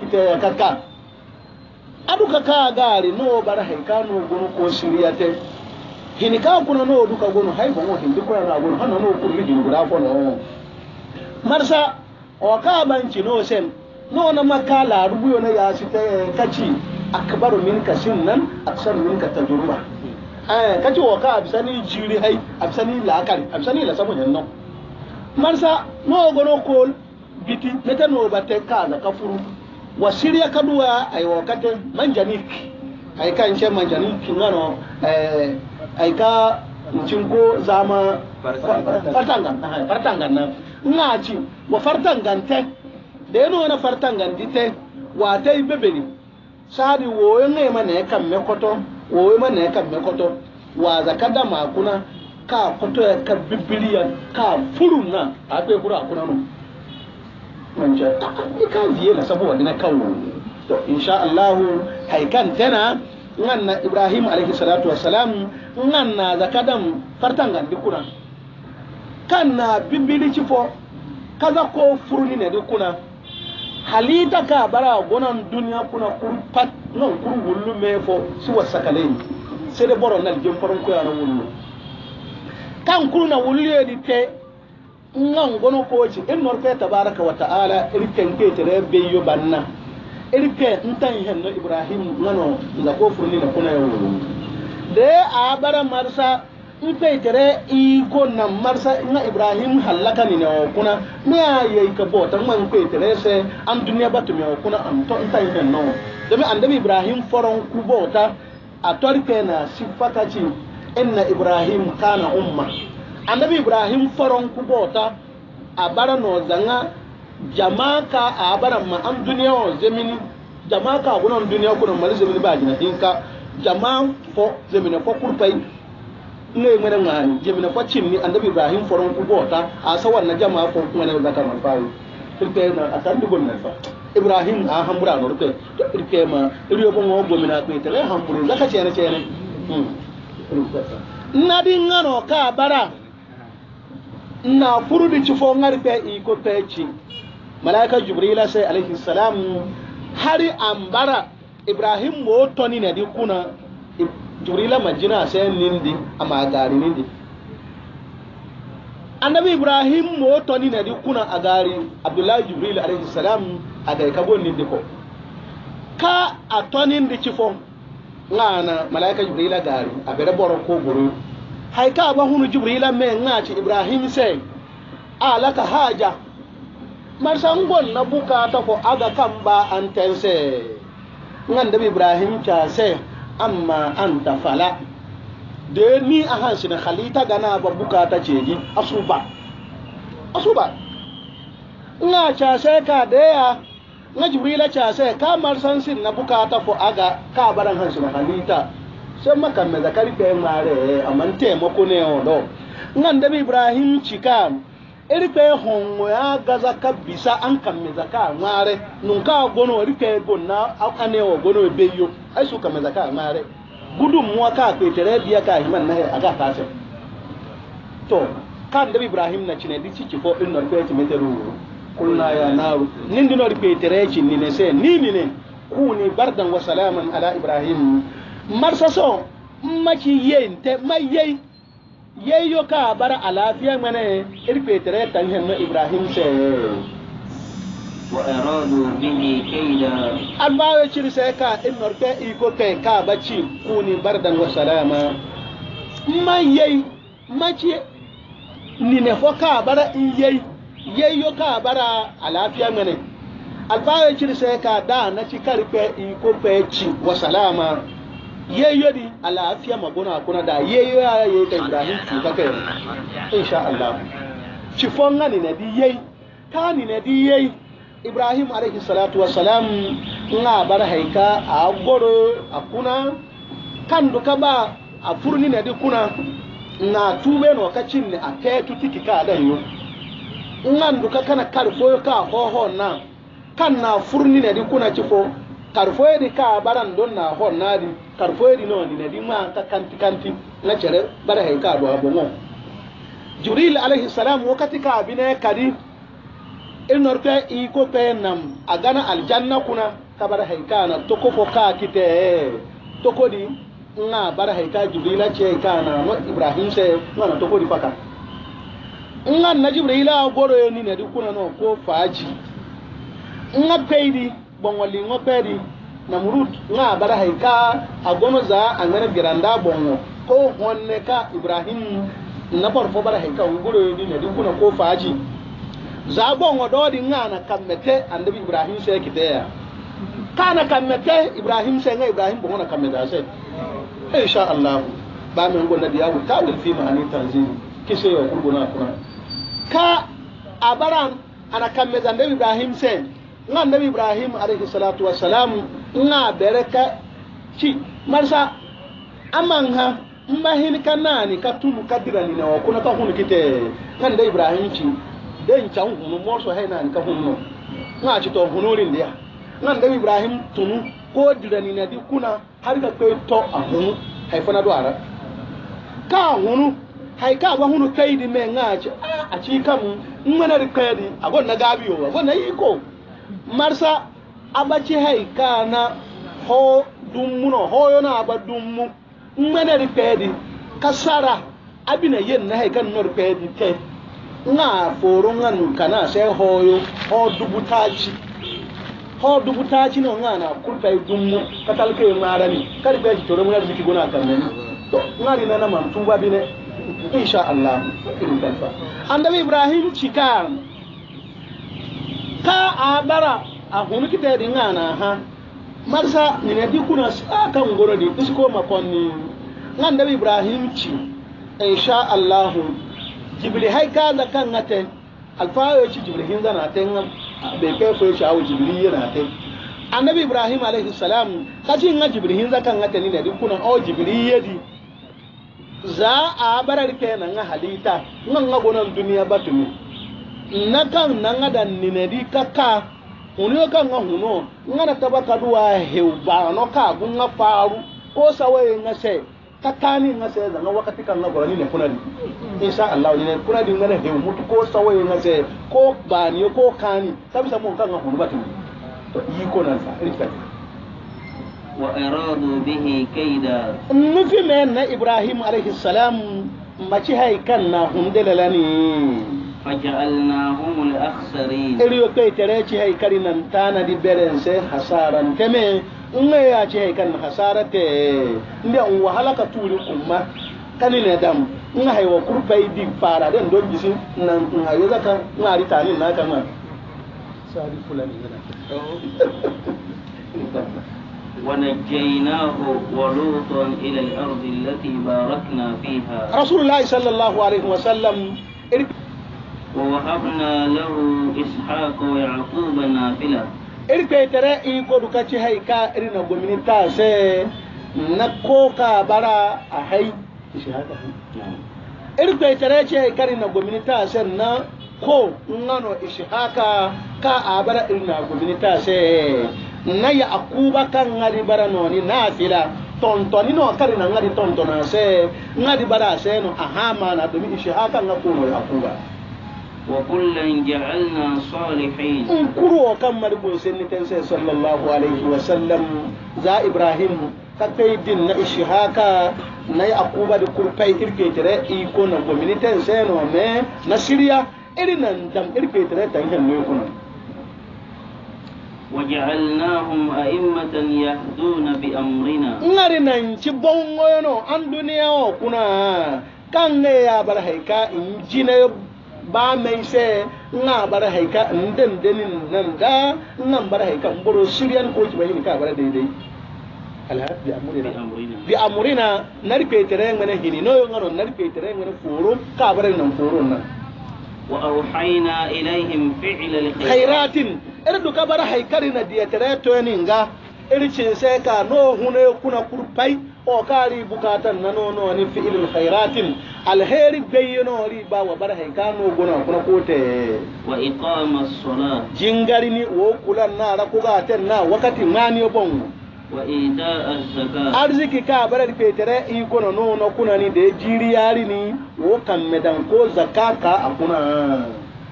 kiteya kaka adu kaka gari no bara hinka no gonu ko siriyate hinika kuna no duka gonu hay bongo hindi kuna na gonu hano no kun mi jingura fo no marsa o ka banci no sen no na makala rubuyo na ya sita kaci akbaru min kasin nan aksar min ka tajurba eh kaci o ka abisani jiri hay abisani lakari abisani la samu janno marsa no gonu ko biti meten no bate kaza kafuru wa siriya kaduwa ay wakati manjanik ay ka nche manjanik ngano eh ay ka ncinko zama fartanga fartanga na ngaci wa fartanga te da yano na di dite wa ta tai bebeni sadi woyo ngai mane kan mekoto woyo mane kan mekoto wa zakada makuna ka koto ka bibiliya ka furu na a kai kura kuna no manja kan ziye la sabo wani na kawo to insha Allah haikan tana nganna Ibrahim alaihi salatu wassalam nganna zakadam fartan gandi kuna kanna bibili cifo kaza ko furuni ne kuna halita ka bara gonan duniya kuna kuru pat non kuru wullu me fo suwa sakalen sede boro nal jom faron ko yana wullu kan kuru na wullu yedi te nan gono koci in norfe tabaraka wa ta'ala irken ke tere beyo banna irke ntan hen ibrahim ngano za ko furni na kuna yau de a marsa npe tere iko na marsa nga ibrahim halaka ni no kuna me a yayi ka bota man pe tare se am duniya batu me kuna am to ntan hen no de me ibrahim foron ku bota a torke na sifaka inna ibrahim kana umma annabi ibrahim faron kubota a bara no zanga jamaka a bara ma an duniya wa zemini jamaka gunan duniya kunan mari zemini ba jina hinka jama fo zemini fo kurpai ne ngene ngani zemini fo chinni annabi ibrahim faron kubota a sawan na jama fo ngene zakar man fawi kurpai na atan dugon na fa ibrahim a hambura no rupe to kurpai ma riyo bon wo gomina pe tele hamburu zakati yana cene hmm nadi ngano ka bara na furudi ci fo ngarpe i ko peci malaika jibrila sai alaihi salam hari ambara ibrahim mo toni ne di kuna jibrila majina sai nindi ama gari nindi annabi ibrahim mo toni ne di kuna agari, Abdullah abdullahi jibril alaihi salam a kai kago nindi ko ka atoni toni ndi ci fo ngana malaika jibrila gari a boro ko guru hay ka ba hunu jibrila me ngaci ibrahim se alaka haja marsan gol na bukata ko aga kan ba an tense ngan da ibrahim ta se amma anta fala de ni a hansi na khalita gana ba bukata ceji asuba asuba nga ca se ka de ya na jibrila ca se ka marsan sin na bukata ko aga ka baran hansu na khalita shammakameza kali kweŋŋaale amaniteemo kuneono nga ndabe ibrahim chikamu elikwe hongo yagaza kabisa ankameza ka ŋŋaale nunka gona elikwe gonna aneo gono ebeyo aisu kameza ka ŋŋaale gudunmuwa ka kwetere biya ka himan nahe aga tasem to kan dabi ibrahim na cine dici cifo in nor kweti meteru wuru kulna ya naru nindi nor kwetere cinni ne se ni ne kuni bardan wa salaman ala ibrahim marsoso maki yen te mayei yei yo ka bara alafiya mane irpe tere tan henno ibrahim se وأرادوا به كيدا أما يشير سيكا إن نرتا إيكو كي كابتشي كوني بردا وسلاما ما يي ما تي نينفو كابرا إن يي يي يو كابرا على فيا مني أما يشير سيكا دا نتي كاربي إيكو بيتشي وسلاما yayyo di alafiya magona kuna da yayyo ya yi da ibrahim cuta kai insha Allah ci fonga ni na di yayi ta ni na di yayi ibrahim alaihi salatu salam na bar haika a goro a kuna kan duka ba a furni na di kuna na tube no kacin ne a kai tutiki ka da yo nan duka kana karfo ka ho ho na kan na furni na di kuna ci karfoyedi ka baran don na hon nadi karfoyedi no ni nadi ma ka kanti kanti na chere bara hen ka do abongo jibril alayhi salam wakati ka bine kadi inorte iko pe nam agana aljanna kuna ka bara hen ka na toko fo ka kite toko di nga bara hen ka jibril che ka na no ibrahim se no na toko di paka nga na jibril a goro yo ni nadi kuna no ko faji nga peidi bɔngɔli peri pɛɛri namrud ŋa bara hay ka a za a giranda bongo. ko hɔnne ka ibrahim na bɔr fo bara hay ka wuguro ni ne dukuna ko faji za bɔngɔ dɔɔdi ŋa na kamete annabi ibrahim sai kiteya kana kamete ibrahim sai ŋa ibrahim bongo na kammete ase insha allah ba men gonna biya ta wil fi ma'ani tanzim kise yo kurguna kuma ka a ana kamete annabi ibrahim sai nga nabi ibrahim alayhi salatu wasalam nga bere ka ci marsa aman ha mahini ka nani ka tulu ka dirani na kuna ka hunu kite kan da ibrahim ci den can hunu morso hay nani ka hunu nga ci to hunurin dia nga nabi ibrahim tunu ko dirani na di kuna har ka kai to a hunu hay fana do ka hunu hai ka ba hunu kai di me nga ci a ci kam ngana di kai di agon na gabi yo agon na yiko marsa aɓacci hay kana ho dummuno hoyona aɓa dummu ɓeneri peedi ka sara abine yenna hay kan nori peedi te ga foro ganu kana se hoyo ho dubutaci ho dubutacino gana kurtay dummu ka talke marani kadi ɓeji toro mari miki gona kamneni to gari nanaman tuba bine inchallah ɗum tan fa andaɓe ibrahim cikano Ah, ka a bara a hunu kita di ngana ha marsa ni ne dikuna sa kan goro di isko makonni nan da ibrahim ci insha allah jibli hay ka da kan ngate alfawo ci jibli hin zana ten be kai ko ci awo jibli yana ta annabi ibrahim alaihi salam kaci nga jibli hin zakan ta ni ne kuna o jibli yedi za a barar kenan halita ngan gonan duniya batumi na kan na nga da nineri ka, hunu yo kan nga hunu nga da taba kadu wa heu ba no ka gun nga faru ko sawaye nga se kakani nga se da nga wakati kan nga gora ni ne kuna di insha Allah ni ne kuna di nga ne heu mutu ko sawaye nga se ko ba ni ko kani sabi sabu kan nga hunu batu to yi ko nan sa rika wa aradu bihi kaida nufi men na Ibrahim alaihi salam maci haikan na hundelala ne فجعلناهم الأخسرين إريو كي تريتي هاي كرينا تانا دي بيرنسي حسارا كمي nga ya ce hai kan hasara te inda un wahala ka turi kuma kani ne dam in haiwa kurfai di fara den don gisi nan in hayo zaka in ari tani na kama sari fulani yana ونجيناه ولوطا إلى الأرض التي باركنا فيها رسول الله صلى الله عليه وسلم ووهبنا له إسحاق ويعقوب نافلة irikpe tere i kodu kaci hay ka irina gomini ta se na ko ka bara a hay irikpe tere ci hay ka irina gomini ta se na ko ngano ishaka ka a bara irina se na ya akuba ka ngari bara noni na fila tɔntɔni nɔ kari na ngari tɔntɔna se ngari bara se no aha mana domi ishaka nga ko ya akuba wa kullan ja'alna salihin in kuro kan margo sen ni tense sallallahu alaihi wa sallam za ibrahim ka kai din na ishihaka na yaquba da kurpai irke tare iko na gomini tense no me na shirya irin nan dam irke tare tangen ne kuna وجعلناهم أئمة يهدون بأمرنا نارنا نشبون kan عن ya bar haika in ji na. ba mai se na bar haika ndan danin nan da nan bar haika mboro sirian ko ki bayin ka bar daidai alhaq bi amrina bi amurina nar petere ngana hini no yo ngaro nar petere ngana foro ka bar nan foro nan wa auhayna ilaihim fi'la alkhairat irdu ka bar haikari na diya tare to ninga ircinseka nohune kuna kurpai o kari bukatan na nono ni fi'il khairatin alheri bayyano ri ba wa bar haika no gona kuna kote wa iqama as-salat jingari ni wo kulan na ra kuga ten na wakati mani bon wa ita az-zakat arziki ka barar petere i kono nono kuna ni de jiri yari ni wo kan medan ko zakaka akuna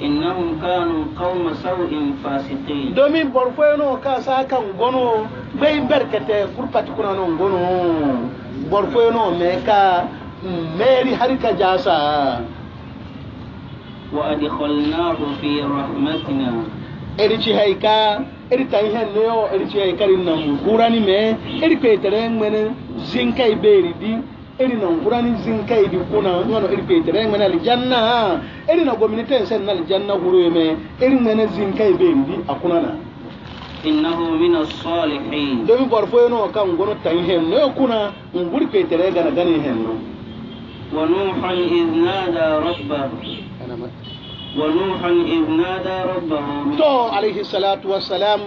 innahum kanu qauma sawin fasiqin domin borfoyeno ka sa kan gono bai berkete kurpati kunano gono borfoyeno me ka meri harika jasa wa adkhalnahu fi rahmatina erici haika eri ta ihe nneyo erici haika rinna mu kurani me eri kwetere ngmene zinkai beri di eri na nkurani zinka idi kuna ngono eri pete be ngana aljanna eri na gomini ten sen na aljanna huru yeme eri ngana zinka ibe ndi akuna na innahu min as-salihin domi barfo no kan ngono tan hen no kuna nguri pete re gana gani hen no wa nuhan iz nada rabbahu ونوحا إذ نادى ربه تو عليه الصلاة والسلام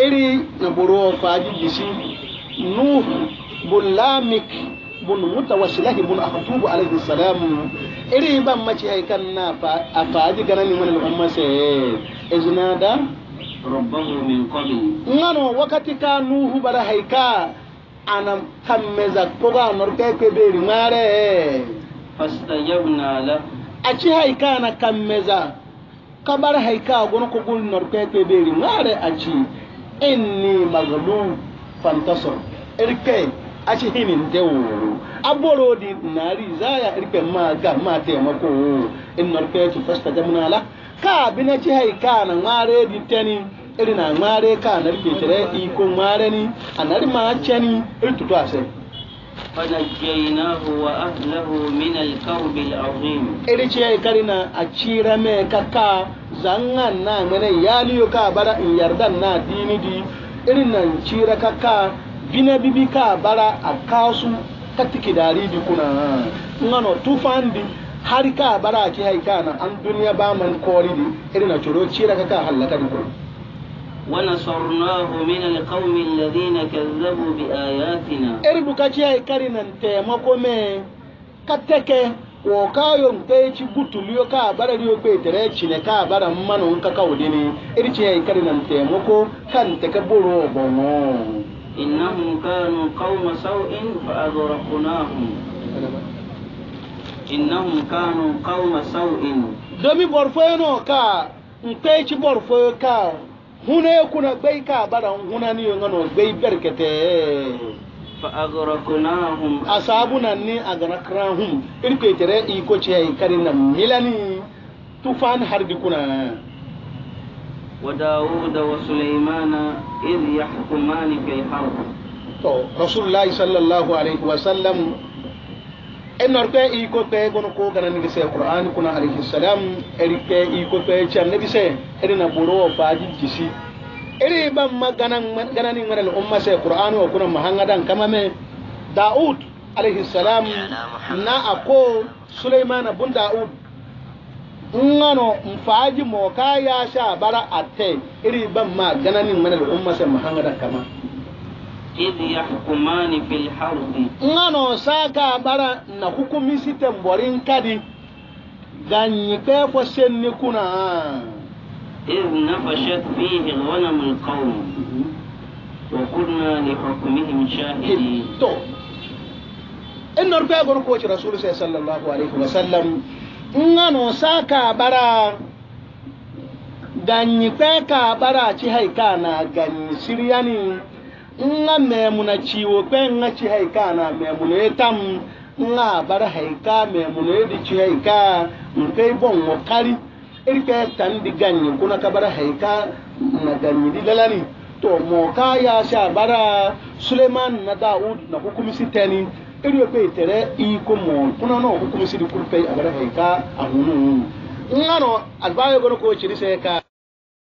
إري نبرو فاجي جسي نوح بلامك mun mutawassilahi mun akhtubu alayhi salam iri ban mace ai kan na fa a faji ganani mun al'umma sai eh, iznada rabbahu min qabl ngano wakati ka nuhu bara haika anam kammeza koga norke ke beri mare eh. fastajabna la aci haika na kammeza kabar haika gono ko gun norke ke beri mare aci inni maghlub fantasar irkai a ci hinin te wuru aboro di nari zaya irpe ma ga ma te ma ko wuru in nor pe ci fasta ta la ka bina ci hay ka na ngare di teni iri na ngare ka na rike tere i ko ngare ni anari ma cheni i tutu ase fanajjaynahu wa ahlahu min al-kawbi al-azim iri ci hay karina a cira me ka ka zangan na mene yaliyo ka bara in yardan na dini di irin nan cira ka ka binebibi bibi ka bara a kasu ka tiki dari di kuna ngano tufan di har ka bara a kihai kana an duniya ba man kori di irin na coro cira ka ka halaka di kuna ونصرناه من القوم الذين كذبوا بآياتنا إربو كاتيا إكارينا تيمكو مي كاتكي wokayo nte ci gutuliyo ka bara riyo ko itere ka bara mmanu nka ka ka إنهم كانوا قوم سوء فأغرقناهم إنهم كانوا قوم سوء دمي بورفينو كا nkpeyci borfoyo كا هنا يكون بيكا بدا هنا hunaniyo بي بركته فأغرقناهم أصابنا ني أغرقناهم إن كيتري إيكو تشي كارينا ميلاني طوفان هردكونا وداود وسليمان إذ يحكمان في الحرب to rasulullah الله عليه وسلم enar ke i ko pe gono ko gana ni bise qur'an kuna alaihi salam eri ke i ko pe chan ni bise eri na boro fa ji jisi eri ba magana gana ni ngare umma se qur'an o kuna mahangadan kama me daud alaihi salam na ako sulaimana bun daud ngano mfaji mo ya sha bara atte iri ban ma gananin manal umma sai muhammadan kama إذ يحكمان في الحرب ngano saka bara na hukumi sitan borin kadi ganyi kai ko senni kuna إذ نفشت فيه غنم القوم وكنا لحكمهم شاهدين إن نربي أقول كوش رسول صلى الله عليه وسلم ngano sa ka bara ganyi kwe ka bara ci haika na ganyi siriya ne nga na ciwo kwe nga ci haika na memuna ya tam nga bara haika memuna ya di ci haika nke bon wakari irke tan di ganyi kuna ka bara haika na ganyi di lalani to mo ka ya sha bara suleiman na daud na hukumisi tani eriyo kwetere ikomo kuna no si kumusiri kulpe agara ka ahunu ngano albayo gono ko chirise ka